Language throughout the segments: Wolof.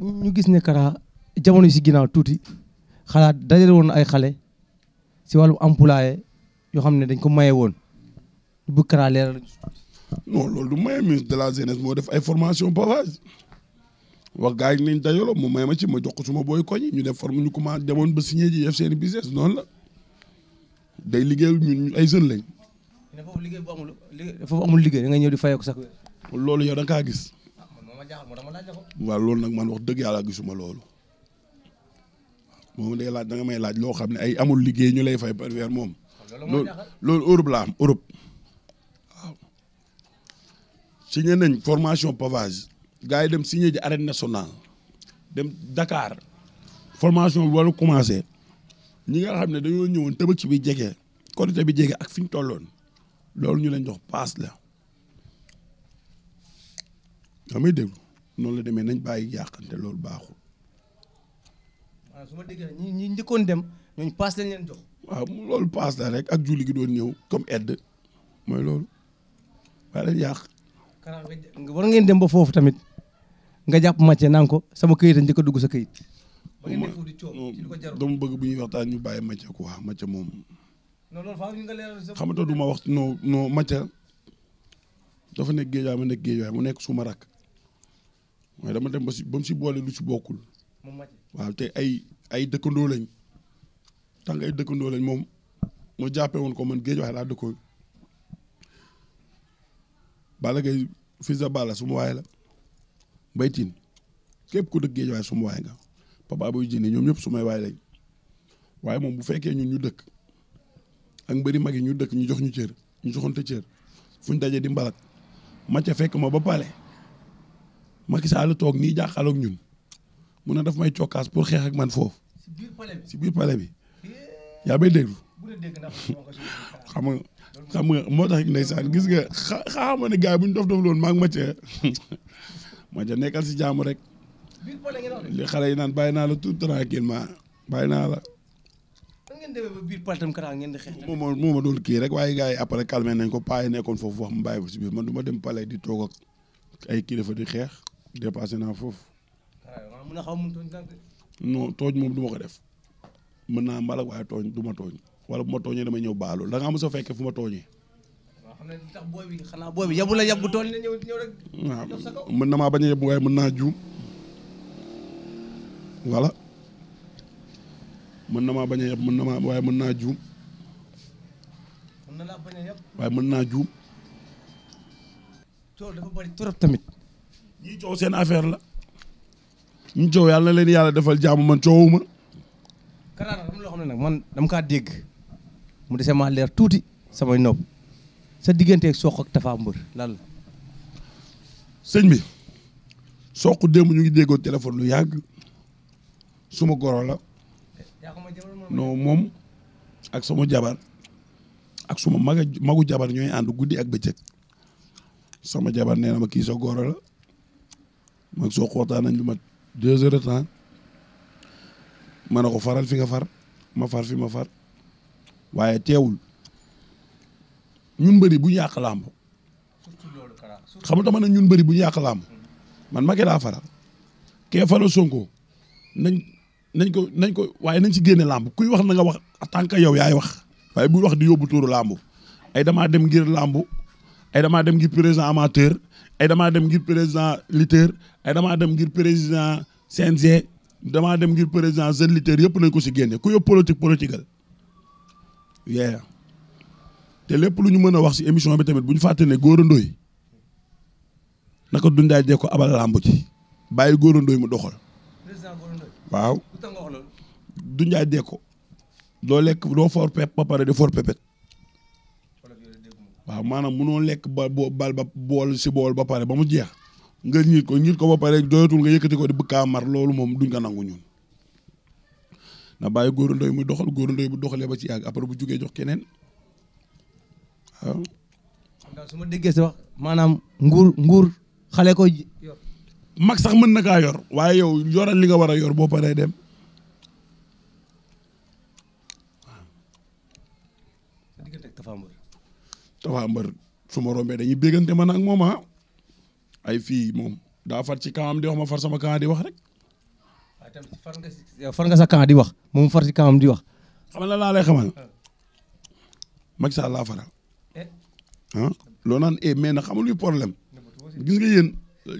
ñu gis ne Kara jamono yi si ginnaaw tuuti xalaat dajale woon ay xale si wàllu employé yoo xam ne dañ ko maye woon bu Kara leeral non loolu du maye ministre de la jeunesse moo def ay formation pavage wax gars yi mu may ma ci ma jox ko suma booy koñ ñu def forme ñu commencé demoon ba signé ji def seen business noonu la day liggéeyal ñun ay jeunes lañ. foofu liggéey bu amul foofu amul liggéey da nga ñëw di fayoo ko sax. loolu yow da kaa gis. waaw loolu nag man wax dëgg yàlla gisuma loolu moom day laaj da nga may laaj loo xam ne ay amul liggéey ñu lay fay par weer moom. loolu loolu Europe la am Europe nañ formation pavage gars yi dem signé ji arène nationale dem Dakar formation bi waru commencé ñi nga xam ne dañoo ñëwoon tabaski bi jege Korité bi jege ak fi ñu tolloon loolu ñu leen jox paas la. damay déglu noonu la demee nañ bàyyi yàqante loolu baaxul. su ma déggee ñi njëkkoon dem ñooñu paas lañ leen jox. waaw loolu paas la rek ak julli gi ñëw comme mooy loolu waaye dañ yàq. war ngeen dem ba foofu tamit nga jàpp màcce naan ko sama këyit a njëkk dugg sa këyit. ba ngeen def di bëgg bu ñuy waxtaan ñu bàyyi màcce quoi màcce moom. non loolu faaw ñu nga leeral du ma wax non non màcce dafa nekk géej waaye ma nekk géej waaye mu nekk suma rakk mooy dama dem ba si ba mu boole lu si bokkul. waaw te ay ay dëkkandoo lañ tàng ay dëkkandoo lañ moom mu jàppee woon ko man géej waaye laa dëkkoo Balla Gaye Fils de suma waay la Mbaye Tine képp ku dëkk géej waaye suma waay nga Papa Boy Djiné ñoom ñëpp sumay waay lañ waaye moom bu fekkee ñu ñu dëkk ak mbëri mag yi ñu dëkk ñu jox ñu cër ñu joxante cër fu ñu dajee di mbalak ma fekk ma ba pale Macky Sall toog nii jàkkaarloog ñun mu ne daf may cokaas pour xeex ak man foofu. si biir palais bi si bi. Eh. yaa may déglu. xam nga xam nga moo tax ndeysaan gis nga xa xaama ne gars yi ñu dof dof loon maa ngi Mathia Mathia nekkal si jaamu rek. li xale yi naan bàyyi naa la tout tranquillement bàyyi naa la. moom moo moo ma doon kii rek waaye gars yi après calmé nañ ko paa yi nekkoon foofu wax mu bàyyi ba si biir man du ma dem palais di toog ak ay kilifa di xeex. dépassé naa foofu. Ah, non tooñ moom du ma ko def mën naa mbalak waaye tooñ du ma tooñ wala bu ma tooñee damay ñëw baalu da ngaa mos a fekkee fu ma tooñee. waaw xam nañ tax booy bi xanaa booy bi yabu la yab ñëw rek. mën na maa bañ a yab mën naa juum voilà mën na maa baña yab mën na maa mën naa juum. mën na waaye mën naa juum. tool dafa bari trop tamit. ñuy coow seen affaire la ñu coow yàlla na leen yàlla defal jàmm man coowuma Kara loo xam ne nag man dam kaa dégg mu dese maa leer tuuti samay nopp sa digganteeg Sokh ak Tapha Mbeur sëñ bi Sokh démb ñu ngi déggoo téléphone lu yàgg suma goro la non moom ak sama jabar ak suma maga magu jabar ñooy ànd guddi ak bëccëg sama jabar nee na ma kii sa goro la mag soo xootaan nañ lu mat deux heures de temps ma ne ko faral fi nga far ma far fi ma far waaye teewul ñun bëri bu ñu yàq làmb xam nga dama ne ñun bëri bu ñu yàq làmb man ma daa faral kee faral Sonko nañ nañ ko nañ ko waaye nañ ci génne làmb kuy wax na nga wax en tant que yow yaay wax waaye bu wax di yóbbu tuuru làmb ay damaa dem ngir làmb ay damaa dem ngir président amateur ay damaa dem ngir président lutteur ay damaa dem ngir président CNG damaa dem ngir président jeune lutteur yëpp nañ ko si génne ku yëpp politique politique al te lépp lu ñu mën a wax si émission bi tamit bu ñu fàtte ne Gora Ndoye naka dundaay dee ko abal làmb ci bàyyi Gora Ndoye mu doxal waaw dundaay dee doo lekk doo for pep ba pare di for pepet waaw maanaam munoo lekk ba boo bal ba bool si bool ba pare ba mu jeex nga ñiit ko ñiit ko ba pare doyatul nga yëkkati ko di bu a mar loolu moom duñ ko nangu ñun. na bàyyi góor ndoy muy doxal góor ndoy bu doxalee ba ci yàgg après bu jugee jox keneen waaw. su ma déggee si wax maanaam nguur nguur xale ko yor. mag sax mën na kaa yor waaye yow yoral li nga war a yor boo paree dem. dafa mbër su ma rombee dañuy béggante man ak moom ah ay fi mom da far ci kanam di wax ma far sama kanam di wax rek. far nga far nga sa kanam di wax mom far ci kanam di wax. xamal la lay xamal. Macky Sall laa faral. Eh? ah lo nan eh mais na xamul yu problème gis nga yeen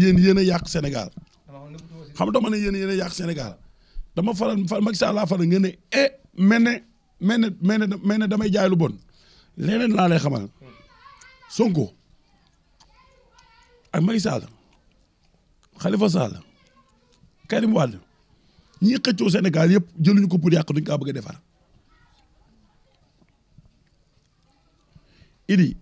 yeen yeena yak Sénégal xam do ne yeen yeena yak dama faral far Macky Sall laa faral nga eh mel ne damay jaay lu bon leneen la lay xamal. Sonko ak Macky Sall Khalifa Sall Karim Wade ñi xëccoo Sénégal yëpp jëluñu ko pour yàq duñ kaa bëgg a defar idi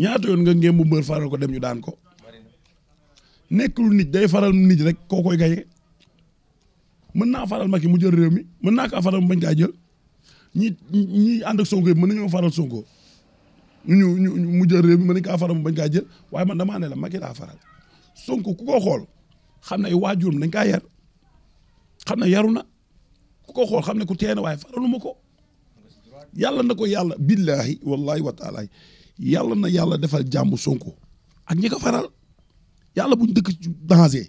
ñaata yoon nga ngéem bu faral ko dem ñu daan ko nekkul nit day faral nit rek koo koy gaye mën naa faral Macky mu jël réew mi mën naa kaa faral mu bañ kaa jël ñi ñi ànd ak Sonko yëpp mën nañoo faral Sonko ñu ñu mu jël ma mi mën nañu mu bañ kaa jël waaye man damaa ne la Macky laa faral Sonko ku ko xool xam na ay waajuram dañ kaa yar na ne yaru na ku ko xool xam ne ku tee waaye faralu ma ko yàlla na ko yàlla billahi wallahi wa taala yàlla na yàlla defal jàmm Sonko ak ñi ko faral yàlla buñ dëkk ci danger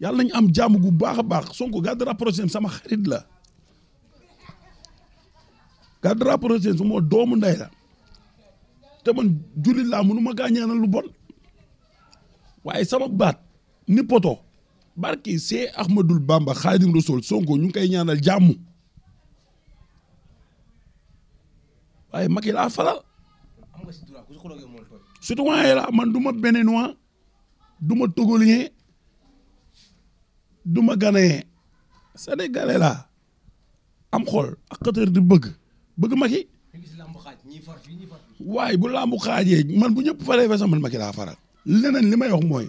yàlla nañu am jàmm gu baax a baax Sonko garde rapproché sama xarit la garde rapproché su ma doomu ndey la. te man jullit laa mënu ma kaa lu bon waaye sama baat ni poto barki see Ahmadul Bamba Xaadim Rasul Sonko ñu ngi koy ñaanal jàmm waaye Macky laa faral surtout waaye la man duma ma béninois du ma togolien du ma ghanéen sénégalais am xol ak xëtër di bëgg bëgg Macky waaye bu làmbu xaajee man bu ñëpp faree fa sax man Macky laa faral. leneen li may wax mooy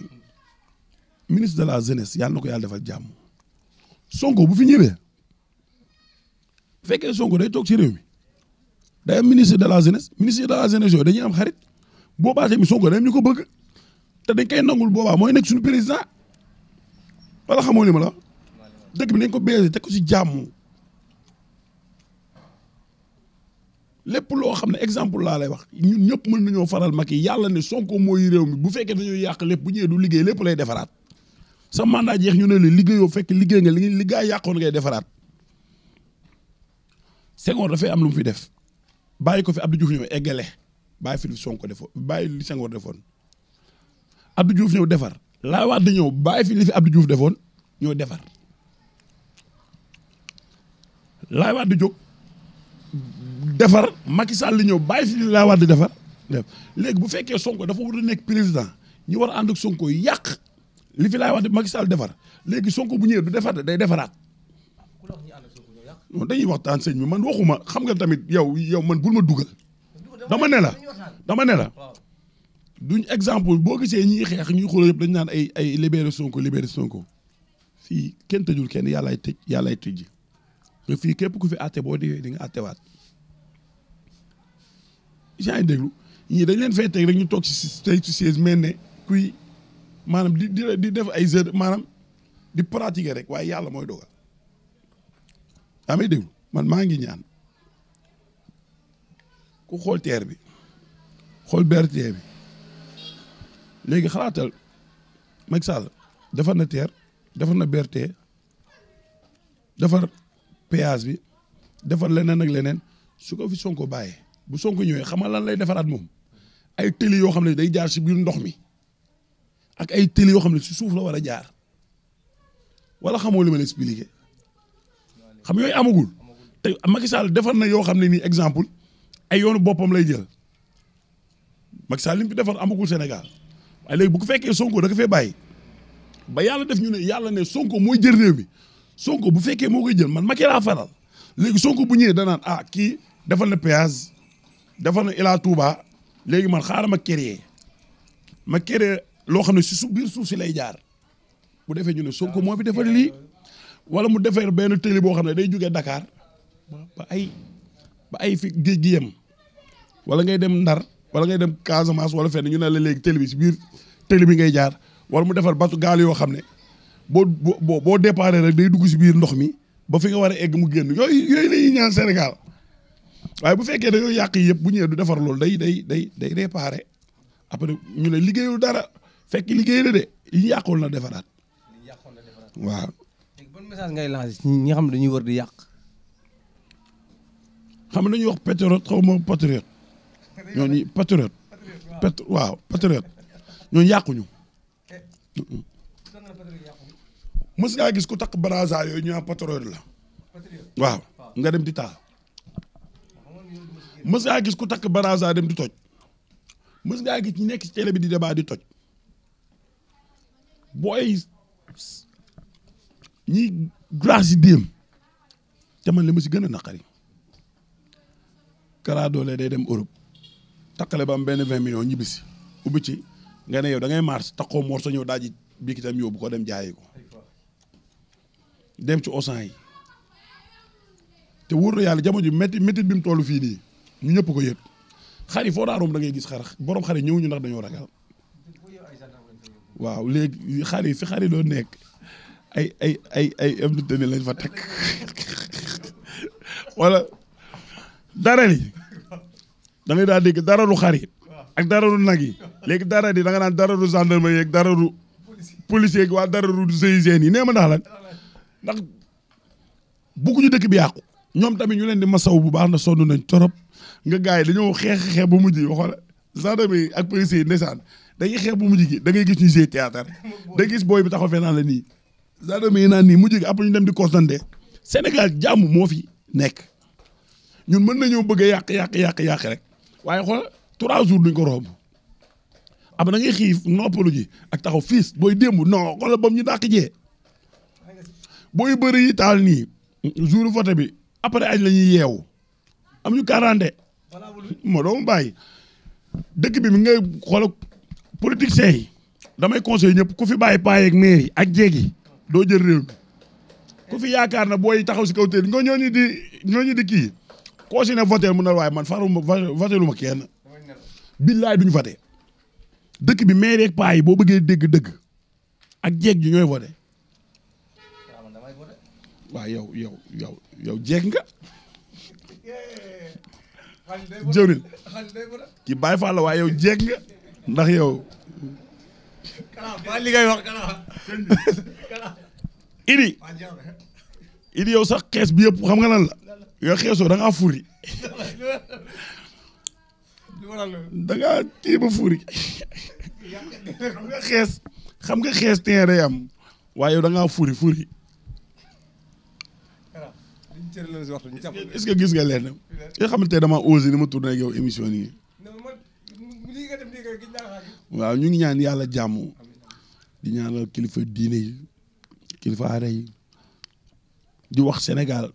ministre de la jeunesse yàlla na ko yàlla defal jàmm Sonko bu fi ñëwee bu fekkee Sonko day toog ci réew mi day am ministre de la jeunesse ministre de la jeunesse yooyu dañuy am xarit boobaa tamit Sonko day am ñu ko bëgg te dañ koy nangul boobaa mooy nekk sunu président wala xamoo li ma la dëkk bi nañ ko bees teg ko ci jàmm. lépp loo xam ne exemple laa lay wax ñun ñëpp mën nañoo faral mag yi yàlla ne Sonko mooy réew mi bu fekkee dañoo yàq lépp bu ñëwee du liggéey lépp lay defaraat sa mandat jeex ñu ne la fekk liggéey nga li gaa am lu mu fi def fi Abdou fait fi Sonko li Abdou laa di ñëw fi li fi Abdou defar Macky Sall ñëw bàyyi fi laa war di defar léegi bu fekkee Sonko dafa war a nekk président ñu war a ànd ak Sonko yàq li fi laay wax de Macky Sall defar léegi Sonko bu ñëwee du defar day defaraat. non dañuy waxtaan sëñ bi man waxuma xam nga tamit yow yow man bul ma dugal. dama ne la dama ne la duñ exemple boo gisee ñi xeex ñuy xool yëpp dañ naan ay ay libéré Sonko libéré Sonko fii kenn tëjul kenn yàllaay tëj yàllaay tëj te fii képp ku fi àtte boo dee di nga àttewaat. yaa ngi déglu ñii dañ leen fay teg rek ñu toog si tey si chaise ne kuy maanaam di di def ay heures maanaam di pratiquer rek waaye yàlla mooy dogal yaa may déglu man maa ngi ñaan ku xool TER bi xool BRT bi léegi xalaatal Macky Sall defar na TER defar na BRT defar péage bi defar leneen nag leneen su ko fi Sonko bàyyee bu Sonko ñëwee xam nga lan lay defaraat moom ay tëli yoo xam ne day jaar si biir ndox mi ak ay tëli yoo xam ne si suuf la war a jaar wala xamoo li ma la expliqué xam yooyu amagul te Macky Sall defar na yoo xam ne nii exemple ay yoonu boppam lay jël Macky Sall li mu fi defar amagul Sénégal waaye bu ko fekkee Sonko da ko fee bàyyi ba yàlla def ñu ne yàlla ne Sonko mooy jël réew mi Sonko bu fekkee moo koy jël man Macky laa faral léegi Sonko bu ñëwee danaan ah kii defal dafa na Ila Touba léegi man xaaral ma créer ma créer loo xam ne si su biir suuf si lay jaar bu defee ñu ne Sonko moo fi defar lii wala mu defar benn télé boo xam ne day jógee dakaar ba ay ba ay fi géej gi yem wala ngay dem Ndar wala ngay dem Casamance wala fenn ñu ne la léegi télé si biir télé bi ngay jaar wala mu defar batu gaal yoo xam ne boo boo boo départ rek day dugg si biir ndox mi ba fi nga war a egg mu génn yooyu yooyu la ñaan Sénégal. waaye bu fekkee dañoo yàq yëpp bu ñëwee du defar loolu day day day day réparé après ñu ne liggéeyul dara fekk liggéey la de yi yàqoon la defaraat. yàqoon la defaraat waaw. léegi bon message ngay lancer ñi nga xam dañuy wër di yàq. xam nga dañuy wax xaw ma patriote ñooñu waaw patriote ñooñu yàquñu. mës ngaa gis ku takk baraza yooyu ñu am patriote la. waaw nga dem di taa mës ngaa gis ku takk baraza dem di toj mës ngaa gis ñu nekk ci télé bi di débat di toj booy ñiy grâce yi déem te man li gën a naqari Kara doole day dem Europe takkale ba am benn vingt million ñibbisi si ci nga ne yow da ngay mars takkoo moor sa ñëw daaji biik itam yóbbu ko dem jaayi ko dem ci osan yi te wóor na yàlla jamono ju metti métti bi mu toll fii nii ñu ñëpp ko yëg xar foo daa romb da ngay gis xar borom xar yi ñëwuñu ndax dañoo ragal waaw léegi xar yi fi xar doon nekk ay ay ay ay ay lañ fa teg wala dara li da ngay daa dégg dara lu xar yi ak dara lu nag yi léegi dara di da nga dara lu gendarmerie ak dara lu policier waa dara lu GIGN yi nee ma ndax lan ndax bëgguñu dëkk bi yàqu ñoom tamit ñu leen di masaw bu baax na sonn nañ torop nga gars yi dañoo xeex xeex bu mujj waxoon gendarme yi ak policier yi ndeysaan dañuy xeex bu mu gi da ngay gis ñu jouer théâtre da gis booy bi taxaw fee naan la nii gendarme yi naan nii mu gi après ñu dem di constaté Sénégal jàmm moo fi nekk ñun mën nañoo bëgg yàq yàq yàq yàq rek waaye xool trois jours duñ ko romb am na xiif noppalu ji ak taxaw fiis booy démb noo xoolal bam ñu dàq jee booy bëri yi taal nii jour vote bi après añ la ñuy yeewu am ñu quarante ma doomu bàyyi dëkk bi mi ngay xool damay conseil ñëpp ku fi bàyyi paay ak yi ak jéeg yi yaakaar na booy taxaw si kaw teel nga ñooñu di ñooñu di kii koo si ne voté mu ne waaye man faruma votélu ma kenn. billaay duñu voté bi maire ak yi boo bëggee dégg dëgg ak jeeg ji ñooy voté waaw yow yow yow yow jeeg nga. jëwriñ ki bàyyi faa waaye yow jeeg ndax yow. li ngay wax idi sax xees bi yëpp xam nga lan la yow xeesoo da ngaa furi da ngaa furi xam nga xees xam nga xees waaye yow da ngaa furi furi est-ce que gis nga leen nga xamante ne damaa osé ni ma tourné ak yow émission yi. waaw ñu ngi ñaan yàlla jàmm. di kilifa diine yi kilifa aada yi di wax Sénégal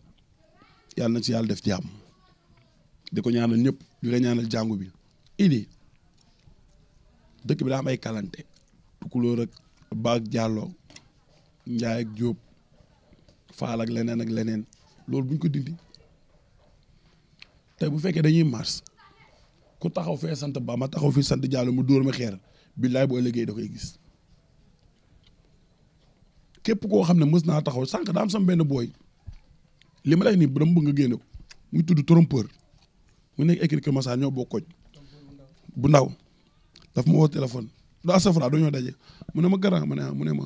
yàlla na ci yàlla def jàmm di ko ñaanal ñëpp di la ñaanal jàngu bi. idi dëkk bi daa am ay kalante. tukulóor baag jàlloo njaay ak jóob faal ak leneen ak leneen. loolu buñ ko dindi tey bu fekkee dañuy mars ku taxaw fee sant ba ma taxaw fi sant Diallo mu dóor ma xeer billaay boo liggéey da koy gis képp koo xam ne mës naa taxaw sànq daa am sam benn booy li ma lay ni dama bëgg nga génne ko muy tudd trompeur mu nekk écrit que Massa ñoo bokkoj bu ndaw daf ma woo téléphone do asafra do ñoo daje mu ne ma garant ne ah, mu ne ma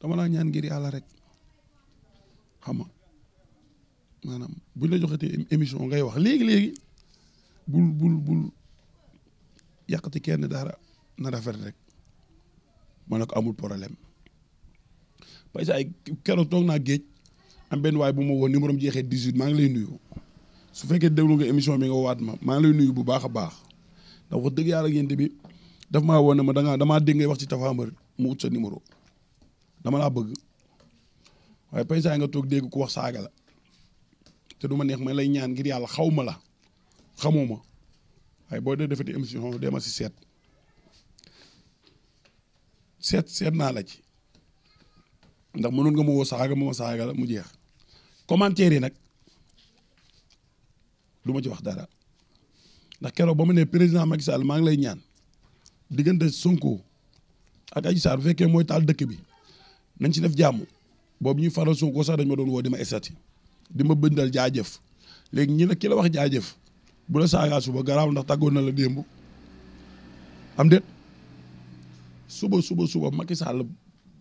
dama la ñaan ngir yàlla rek xam maanaam bu buñ la joxatee émission ngay wax léegi léegi bul bul bul yàqati kenn dara na rafet rek ma ne ko amul poroblème parce que keroog toog naa géej am benn waay bu ma woo numéro am jeexee 18 maa ngi lay nuyu su fekkee déglu nga émission bi nga waat ma maa ngi lay nuyu bu baax a baax ndax wax dëgg yàlla ak yéen bi daf maa woon ne ma da ngaa damaa dégg ngay wax ci Tapha Mbeur mu ut sa numéro dama laa bëgg waaye paysan nga toog dégg ku wax saaga la. te du ma neex ma lay ñaan ngir yàlla xaw ma la ma waaye boo dee defati émission dema si seet seet seet naa la ci ndax mënoon nga ma woo saaga ma ma saaga la mu jeex commentaire yi nag du ma ci wax dara ndax keroog ba mu ne président Macky Sall maa ngi lay ñaan diggante Sonko ak Adji Sarr bu fekkee mooy taal dëkk bi nañ ci def jàmm boobu ñu faral Sonko sax dañ ma doon woo di ma estati di ma bëndal jaajëf léegi ñi ne ki la wax jaajëf bu la saagaa suba garaaw ndax tàggoon na la démb am déet suba suba suba Macky Sall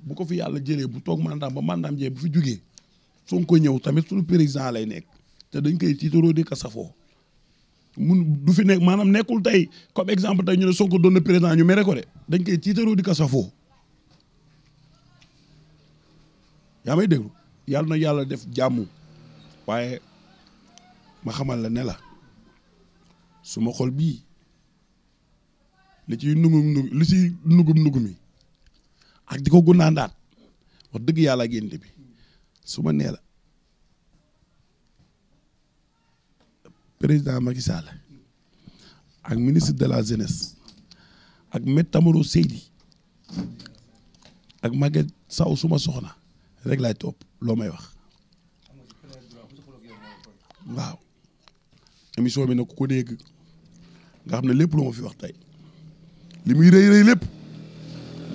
bu ko fi yàlla jëlee bu toog mandaam ba mandaam jee bu fi jugee Sonko ñëw tamit suñu président lay nekk te dañ koy tiitaroo di ko safoo mun du fi nekk maanaam nekkul tey comme exemple tey ñu ne doon na président ñu mere ko de dañ koy tiitaroo di ko safoo yaa may déglu yàlla na yàlla def jàmm waaye ma xamal la ne la suma xol bii li ciy nugum nugum li ciy nugum nugum yi ak di ko gunnaandaat wax dëgg yàlla ak bi su ma nee la président Macky Sall ak ministre de la jeunesse ak Me Tamaro Seydi ak Maguette saw suma soxna rek laay top loo may wax. waaw émission bi nag ku ko dégg nga xam ne lépp lu ma fi wax tey li muy rëy rëy lépp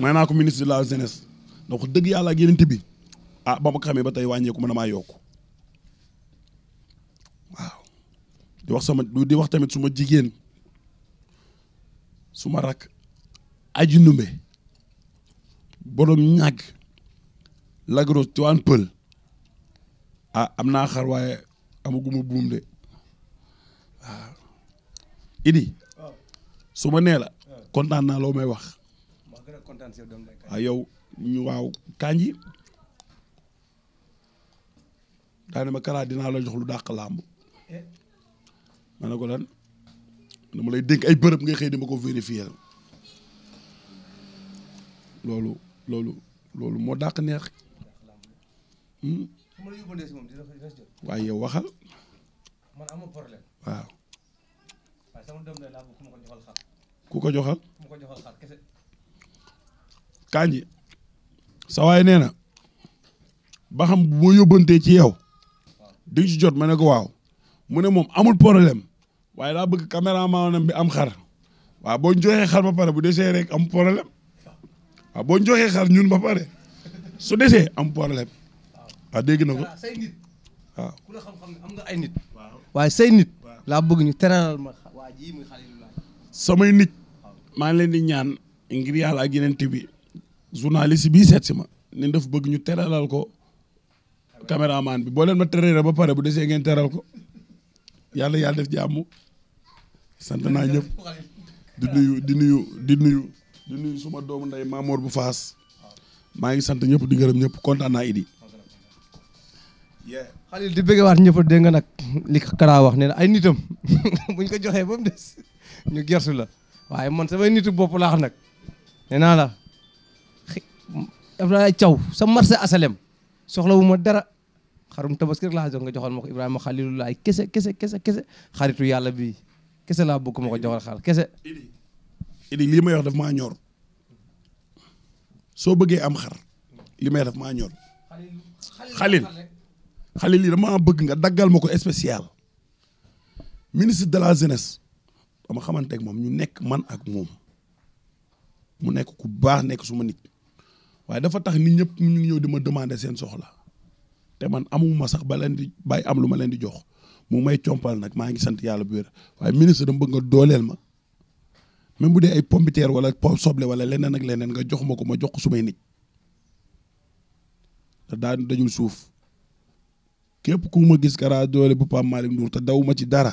may naa ko ministre de la jeunesse ndax dëgg yàlla ak yeneen bi ah ba ma ko xamee ba tey wàññeeku ma damaa yokk waaw di wax sama di wax tamit suma jigéen suma rak aji numbe borom ñàgg lagros tuwaan pël ah am naa xar waaye amaguma buum de Idi su ma nee la kontaan naa loo may wax waaw ah, yow ñu waaw kanji daane ma Kara dinaa la jox lu dàq làmb eh? ma ne ko lan dama lay dénk ay bërëb nga xëy di ma ko vérifier loolu loolu loolu moo dàq neex waaye yow waxal. waaw. ku ko joxal. Kanji. sa waay nee na. ba xam bu ma yóbbantee ci yow. di ci jot ma ne ko waaw. mu ne moom amul problème. waaye daa bëgg caméraman bi am xar. waa boo ñu joxee xar ba pare bu desee rek am problème. waaw boo ñu joxee xar ñun ba pare. su desee am problème. waaw ah, dégg na ko say ah. am nga ay nit waaye say nit laa bëgg ñu teralal ma waa ji muy samay nit maa ngi leen di ñaan ngir yàlla ak yeneen bi journaliste bi seet si ma ne daf bëgg ñu teralal ko caméraman bi boo leen ma terale ba pare bu desee ngeen teral ko yàlla yàlla def jàmm sant naa ñëpp di nuyu di nuyu di nuyu di nuyu suma doomu nday Maamoor bu Faas maa ngi sant ñëpp di gërëm ñëpp kontaan naa Idi xalil di bëggewaat ñëpp de nga nak li Kara wax né ay nitam buñ ko joxé bam dess des ñu gërsu la waye man sama nitu bopp laax nak né na la ibrahim Thiaw sa marché asalem wu ma dara xarum tabaski rek jox nga joxal mako ibrahim khalilullah kessé kese kese kese kese xaritu yalla bi kese la bëgg mako joxal xal kese. Idi li may wax daf ma ñor so bëggé am xar li may daf ma ñor. khalil xale lii dama bëgg nga daggal ma ko spécial ministre de la jeunesse dama xamante ak moom ñu nekk man ak moom mu nekk ku baax nekk suma nit waaye dafa tax nit ñëpp ñu ngi ñëw di ma demander seen soxla te man amuma sax ba leen di bàyyi am lu ma leen di jox mu may compal nag maa ngi sant yàlla bu wér waaye ministre dama bëgg nga dooleel ma même bu dee ay pompiteer wala po soble wala leneen ak leneen nga jox ma ko ma jox ko sumay nit te daan dajul suuf képp ku ma gis Kara doole bu Pape Malick Ndour te daw ma ci dara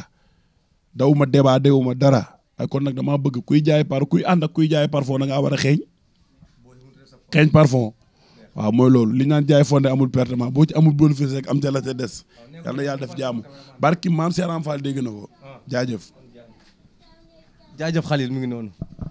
daw ma débat daw ma dara ay kon nag damaa bëgg kuy jaay par kuy ànd ak kuy jaay parfum da ngaa war a xeeñ xeeñ parfum waaw mooy loolu li naan jaay fonde amul pertement boo ci amul bénéfice rek am ca la ca des yal na yàlla def jaamu barki maam Seeram Fall dégg na ko jaajëf jaajëf Khalil mi ngi noonu